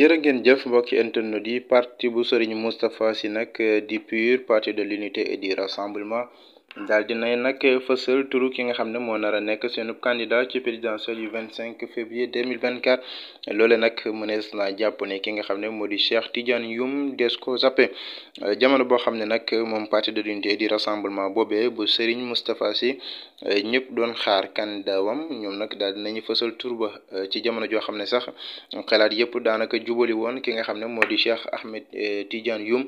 jërë ngeen jëf mbokki internet yi parti bu Serigne Moustapha si nag euh, di PUR parti de l'unité et di rassemblement dal di nay nag fësal turu ki nga xam ne moo nar a nekk seenu candidat ci présidentielle yu 25 février 2024 loole nag mënees na jàpp ne ki nga xam ne moo di Cheikh Tidiane yum des ko zappe jamono boo xam ne nag moom parti de l'unité di rassemblement boobee bu Serigne Moustapha Sy ñëpp doon xaar kandidaawam ñoom nag daal di nañu fësal tur ba ci jamono joo xam ne sax xalaat yëpp daanaka jubali woon ki nga xam ne moo di Cheikh Ahmed Tidiane Youm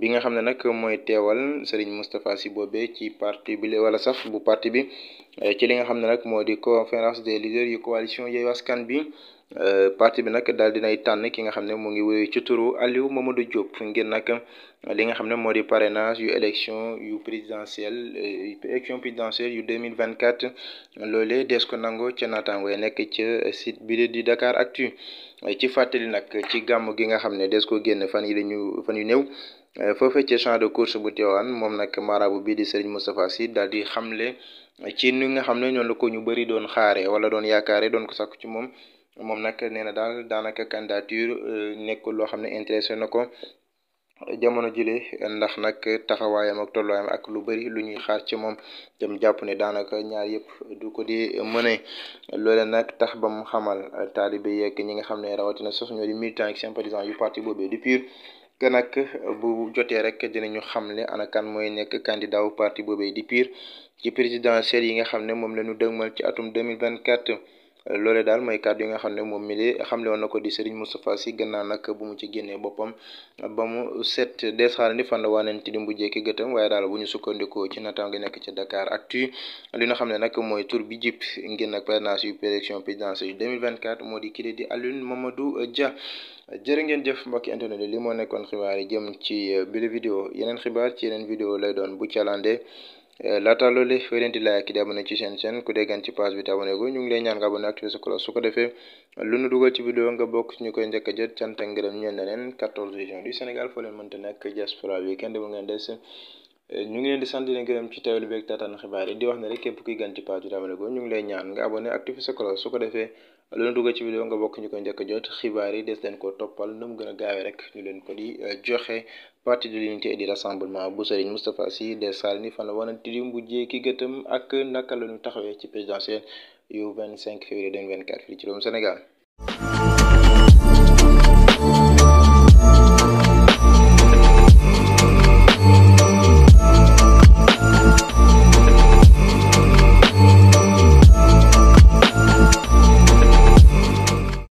bi nga xam ne nag mooy teewal Serigne Moustapha Sy boobe ci parti bi wala sax bu parti bi eh, ci li nga xam ne nag moo di conférence de leaders yu coalition Yewwi Askan bi Euh, partie bi nag daal dinay tànn ki nga xam ne mu ngi wéy ci turu Aliou Mamadou Diop ngir nag li nga xam ne moo di parrainage yu élection yu présidentielle euh, élection présidentielle yu 2024 loole des ko nangoo ca naataango yi nekk ca site bi di Dakar Actu ci fàttali nag ci gàmm gi nga xam ne des ko génn fan yi lañu fan yu néew euh, foofee ci champ de course bu Tivaouane moom nag marabu bi di Serigne Moustapha Sy daal di xam le ci ni nga xam ne ñoom la ko ñu bëri doon xaare wala doon yaakaare doon ko sàkku ci moom moom nag nee na daal daanaka candidature nekkul loo xam ne intéressé na ko jamono jile ndax nag taxawaayam ak tolluwaayam ak lu bëri lu ñuy xaar ci moom dem jàpp ne daanaka ñaar yëpp du ko di mëne loole nag tax ba mu xamal taalibe yeeg ñi nga xam ne rawatina sax ñoo di militants ak sympathisants yu parti boobee du pire ke nag bu jotee rek dinañu xamle ana kan mooy nekk candidat wu parti boobee di pire ci présidentielle yi nga xam ne moom la ñu dëgmal ci atum 2024 loolee daal mooy kàddu yi nga xam ne moom mi xam xamle woon na ko di Serigne Moustapha Sy gannaaw nag bu mu ci génnee boppam ba mu set des xaarandi fan waanenti di bu jekki gëtam waaye daal bu ñu sukkandikoo ci nattaam gi nekk ci dakaar Actu li nga xam ne nag mooy tur bi jip ngir nag parrainage yu élection présidentielle yu 2024 moo di kii di Alioune Mamadou Dia jërë ngeen jëf mbokki internet li moo nekkoon xibaar yi jëm ci bile vidéo yeneen xibaar ci yeneen vidéo lay doon bu calande Eh, laata loolu fooy leen di laaj ak di ci seen chaîne ku déggan ci page bi te abonné gu ñu ngi lay ñaan nga abonné activé sa cloche su ko defee lu nu dugal ci vidéo nga bokk ci ñu koy njëkk a jot cant ak ngërëm ñeen na leen 14 régions du Sénégal foo leen nekk diaspora bi kenn demul ngeen des eh, ñu ngi leen di sant leen gërëm ci teewlu beeg taataan xibaar yi di wax ne rek képp kuy gan ci bi te abonné gu ñu ngi lay ñaan nga abonné activé sa cloche su ko defee lu ñu dugg ci vidéo nga bokk ñu koy njëkk jot xibaar yi des leen ko toppal nu gën a gaawee rek ñu leen ko di euh, joxe parti de l'unité et du rassemblement bu Serigne Moustapha Sy de Sall ni fan la wana tirim bu jee ki gëtam ak naka la ñu taxawee ci présidentielle yu vingt 25 février 2024 fii ci réewum Sénégal.